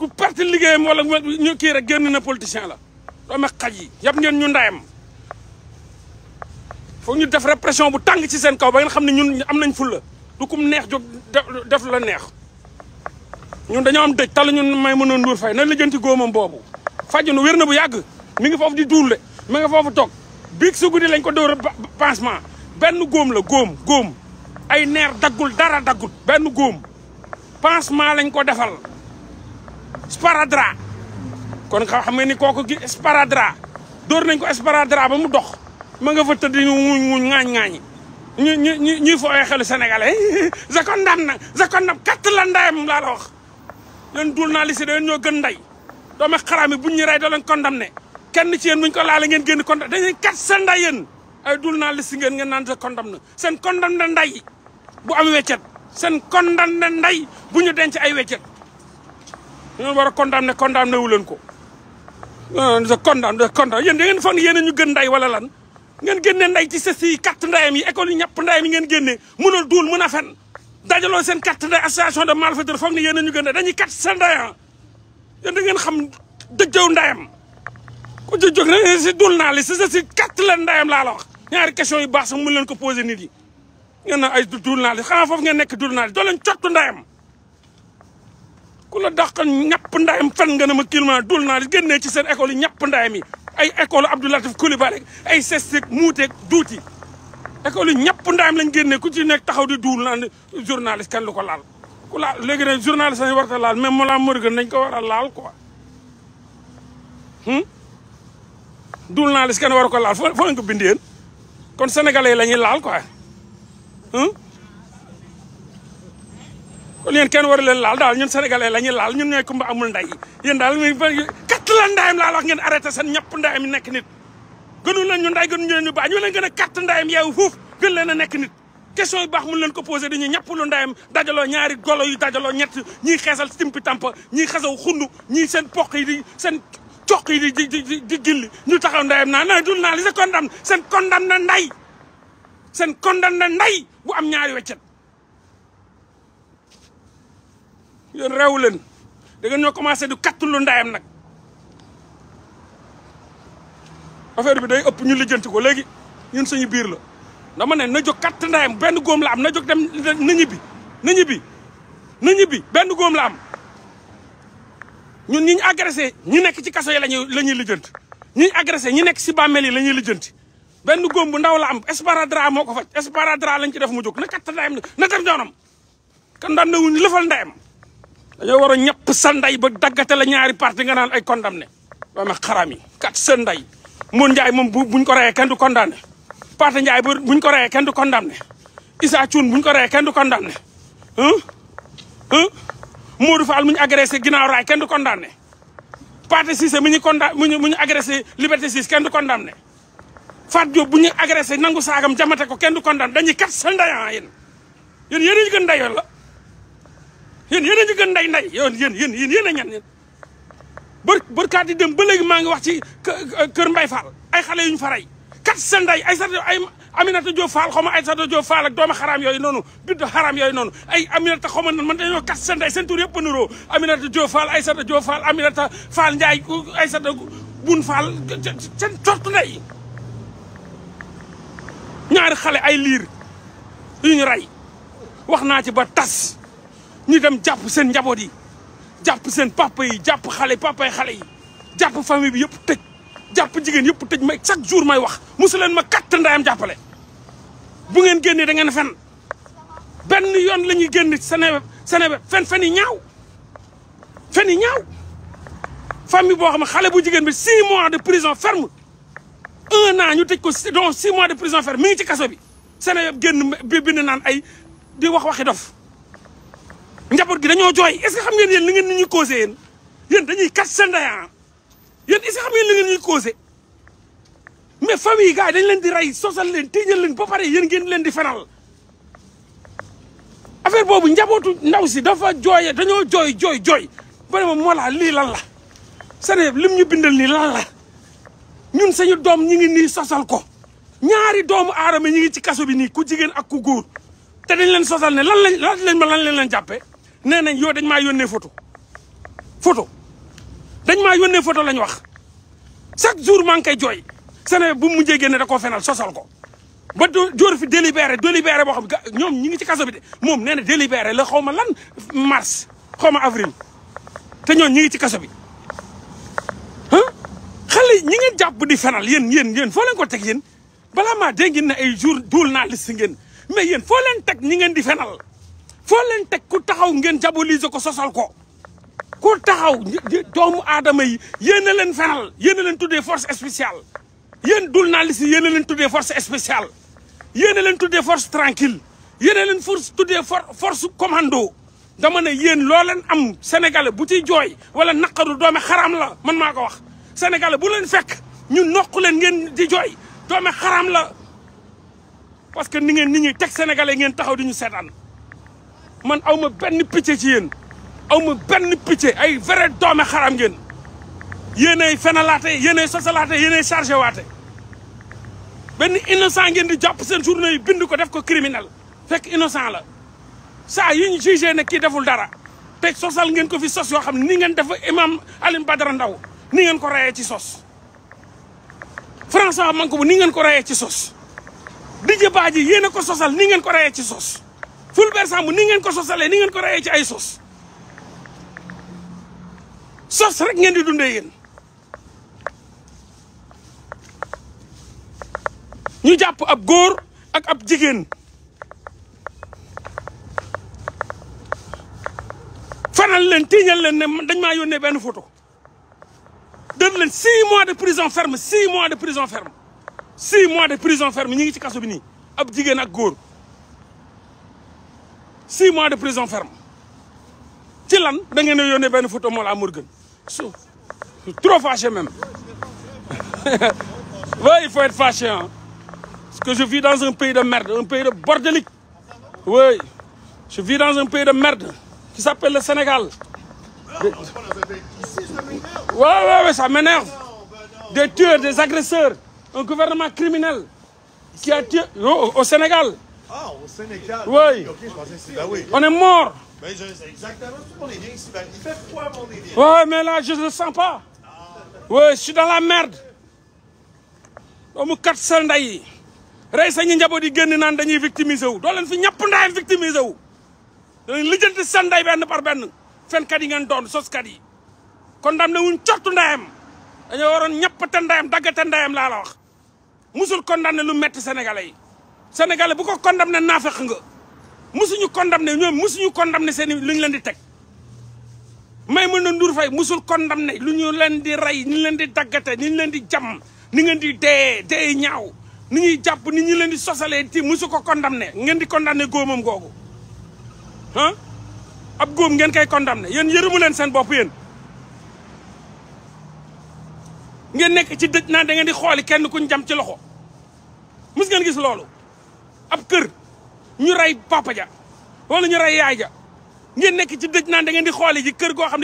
ku perte liggéeyam wala ñu kii rek génn na politicien la doome xaj yi yab ngeen ñu ndayam foog ñu def répression bu tàng ci seen kaw ba ngeen xam ne ñun am nañ fulla du kum neex jóg def la neex ñun dañoo am dëj tal ñu may mënoon nduur fay na lijjanti góomam boobu fajunu wér na bu yàgg mi ngi foofu di duule mi ngi foofu toog biig su guddi lañ ko dóor pansement benn góom la góom góom ay neer daggul dara daggul benn góom pansement lañ ko defal sparadrap kon xam nga ni kooku gi sparadrap dóor nañ ko sparadrap ba mu dox ma nga fa tëdd ñu muñ muñ ŋaañ ŋaañi ñu ñu ñu ñuy fooyee xelu sénégalais sa ko ndam nag sa ko ndam katt la ndayam laa la wax yéen journaliste da yéen ñoo gën nday doome xaraam yi buñ ñu rey doo leen condamné kenn ci yéen buñ ko laale ngeen génn condamné dañuy kat seen nday yéen ay journaliste ngeen ngeen naan sa condamné seen condamné nday bu am weccet seen condamné nday bu ñu denc ay weccet ngeen war a ne condamné wu leen ko non ah, non condamné condamné yéen da ngeen foog ne yéen ñu gën nday wala lan ngeen génne nday ci sës yi carte ndayam yi école yi ñàpp ndayam yi ngeen génne mënal duul mën a fen dajaloo seen carte nday association de malfaiteur foog ne yéen ñu gën nday dañuy carte seen ndayam ah. yéen da ngeen xam dëjëw ndayam ku ci jóg na si dul naa li si si carte leen ndayam laa la ñaari question yi baax sax mën leen ko posé nit yi ngeen na ay dul naa li xanaa foofu ngeen nekk dul naa li doo leen cottu ndayam ku la dàqal ñàpp ndayam fen nga ne ma kilima dul naa génnee ci seen école yi ñàpp ndayam yi ay école Abdou Latif Coulibaly ay sesteeg muuteeg duuti école yi ñàpp ndayam lañ génnee ku ci nekk taxaw di duul naan journaliste kenn du ko laal ku laal léegi nag journaliste lañ warta laal mais Mollah Morgun nañ ko war a laal quoi hmm? duul naa lis kenn war ko laal foo foo ko bindeen kon sénégalais lañuy la laal quoi hmm? kon yéen kenn war leen laal daal ñun sénégalais la ñuy laal ñun ñooy kumba amul nday yéen daal kat la ndayam laal wax ngeen arrêté seen ñëpp ndayam nekk nit gënu leen ñu nday gënu leen ñu baax ñu leen gën a katt ndayam yeewu fuuf gën leen nekk nit question yi baax mun leen ko posé dañuy ñàpp lu ndayam dajaloo ñaari golo yu dajaloo ñett ñiy xeesal simpi tampa ñiy xasaw xund ñiy seen poq yi di seen coq yi di di di gilli ñu taxaw ndayam naa na dul naa li sa condamne seen condamne na nday seen condamne na nday bu am ñaari weccet yéen reewu leen da ngeen ñoo commencé du kattulu ndayam nag affaire bi day ëpp ñu lijjanti ko léegi ñun suñu biir la dama ne na jóg katt ndayam benn góom la am na jóg dem na ñibbi na ñibbi na ñibbi benn góom la am ñun ñi ñu agressé ñi nekk ci kaso yi lañuy la ñuy lijjanti ñi ñu agressé ñi nekk si bàmmeel yi la ñuy lijjanti benn góom bu ndaw la am esparadra moo ko faj esparadra lañ ci def mu jóg na katt ndayam na dem ñoonam kan daan na wuñ lëfal ndayam dañoo war a ñëpp sa ndey ba daggate la ñaari parti nga naan ay condamné doomi xaram yi kat sa ndey mun Ndiaye moom buñ ko reyee kenn du condamné Pate Ndiaye buñ ko reyee kenn du condamné Issa Thioune buñ ko reyee kenn du condamné Modou Fall mu ñu agressé ginnaaw kenn du condamné Pate Cissé mu ñu condam mu ñu mu ñu agressé Liberté 6 kenn du condamné Fat Diop bu ñu agressé nangu saagam jamate ko kenn du condamné dañuy kat sa ndeyaan ah yéen yéen yéen ñu gën la yéen yéen a nday nday yoon yéen yéen a ñan yéen bër bërkaat di dem ba léegi maa ngi wax ci kër Mbay Fall ay xale yu ñu fa rey kat seen nday ay sat ay Aminata Diop Fall xaw ma ay Sata Diop Fall ak doomu xaraam yooyu noonu biddu xaram yooyu noonu ay Aminata xaw ma nan man dañoo kat sen nday seen tur yëpp nuroo Aminata Diop Fall ay Sata Diop Fall Aminata Fall Ndiaye ay Sata Bun Fall seen cort nday ñaari xale ay liir yu rey wax naa ci ba tas ñu dem jàpp seen njaboot yi jàpp seen papa yi jàpp xale papa yi xale yi jàpp famille bi yëpp tëj jàpp jigéen yëpp tëj may chaque jour may wax mosu leen ma katt ndaayam jàppale bu ngeen génnee da ngeen fen benn yoon la ñuy génn Seneweb Seneweb fen fen yi ñaaw fen yi ñaaw famille boo xam ne xale bu jigéen bi six mois de prison ferme un naa ñu tëj ko donc six mois de prison ferme mi ngi ci kaso bi Seneweb génn bi bind naan ay di wax waxi dof njaboot gi dañoo jooy est-ce que xam ngeen yéen li ngeen ni ñuy causé yéen yéen dañuy kat sa ndeyaan ah. yéen est-ce que xam ngeen li ngeen ñuy causé mais famille yi gars dañ leen di rey sosal leen tiijal leen ba pare yéen ngeen leen di fenal affaire boobu njabootu ndaw si dafa jooye dañoo jooy jooy jooy ba ne ma lii lan la sane lim ñu bindal nii la ñun sañu doom ñi ngi nii sosal ko ñaari doomu aadama ñi ngi ci kaso bi nii ku jigéen ak ku góor te dañ leen sosal ne lan lañ lan lañ ma lan leen leen jàppee nee nañ yow dañ maa yónnee photo photo dañ maa ne foto lañu wax chaque jour maa ngi koy jooy Sénégal bu mu jegeen génne da koo fenal sosal ko ba jóor fi délibéré délibéré boo xam ñoom ñi ngi ci kaso bi de moom nee na délibéré la xaw ma lan mars xaw ma avril te ñoom ñi ngi ci kaso bi ah xale ñi ngeen jàpp di fenal yéen yéen yéen foo leen ko teg yéen balaa maa dégg ngeen ay jour duul naa liste ngeen mais yéen foo leen teg ñi ngeen di fenal foo leen teg ku taxaw ngeen jaboliser ko sosal ko ku taxaw doomu aadama yi yéen a leen feral yéen a leen tuddee force spéciale yéen journalistes yi yéen a leen tuddee force spéciale yéen a leen tuddee force tranquille yéen a leen force tuddee force commando dama ne yéen loo leen am sénégalais bu ciy jooy wala naqaru doome xaram la man maa ko wax sénégalais bu leen fekk ñu noq leen ngeen di jooy doome xaram la parce que ni ngeen nit ñi teg sénégalais ngeen taxaw di ñu seetaan man awma benn picc ci yéen awma benn picc ay vrai doome xaram ngeen yéenay fenalaate yéenay sosalaate yéenay chargé waate benn innocent ngeen di jàpp seen journée yi bind ko def ko criminel fekk innocent la saa yi ñu jugé kii deful dara te sosal ngeen ko fi sos yoo xam ne ni ngeen dafa imam Alioune Badara Ndaw ni ngeen ko rayee ci sos François ko ni ngeen ko rayee ci sos Didier Badji yéen a ko sosal ni ngeen ko rayee ci sos Fulbert Sambou ni ngeen ko sosalee ni ngeen ko rayee ci ay sos sos rek ngeen di dundee yéen ñu jàpp ab góor ak ab jigéen fanal leen tiiñal leen ne dañ maa yónnee benn photo def leen six mois de prison ferme six mois de prison ferme six mois de prison ferme ñu ngi ci kaso bi nii ab jigéen ak góor six mois de prison ferme ci lan da ngeen a yónnee benn photo Mollah trop fâché même il faut être fâché ah parce que je vis dans un pays de merde un pays de bordélique oui je vis dans un pays de merde qui s'appelle le Sénégal des... ouais, ça m'énerve des tueurs des agresseurs un gouvernement criminel qui a tué oh, au Sénégal Ah, au Sénégal. Oui. Ok, je pensais ici. Ben ah oui. On est mort. Ah. la merde. doomu kat sel nday yi rey njaboot yi génn naan dañuy victimisé wu doo leen fi ñëpp ndayam victimisé wu danañ lijjanti seen nday benn par benn fenkat yi ngeen doon soskat yi kon dam ne wuñ cortu ndayam dañoo waroon ñëpp te ndayam dagg te ndayam laa la wax musul condamné lu metti sénégalais sénégalais bu ko condamné naafeq nga musuñu condamné ñoom musuñu kondam seen lu ñu leen di teg Maïmouna Ndour Faye musul kondam ne lu ñu leen di rey ni ñu leen di daggate ni ñu leen di jam ni ngeen di dee dee ñaaw nu ñuy jàpp ni ñu leen di sosalee ci musu ko kondam ne ngeen di condamné góomam googu ah ab góom ngeen koy condamné yéen yërëmu leen seen boppu yéen ngeen nekk ci dëj naa da ngeen di xooli kenn kuñ jam ci loxo mus ngeen gis loolu ab kër ñu rey papa ja wala ñu rey yaay ja ngeen nekk ci dëj naan da ngeen di xoole ji kër goo xam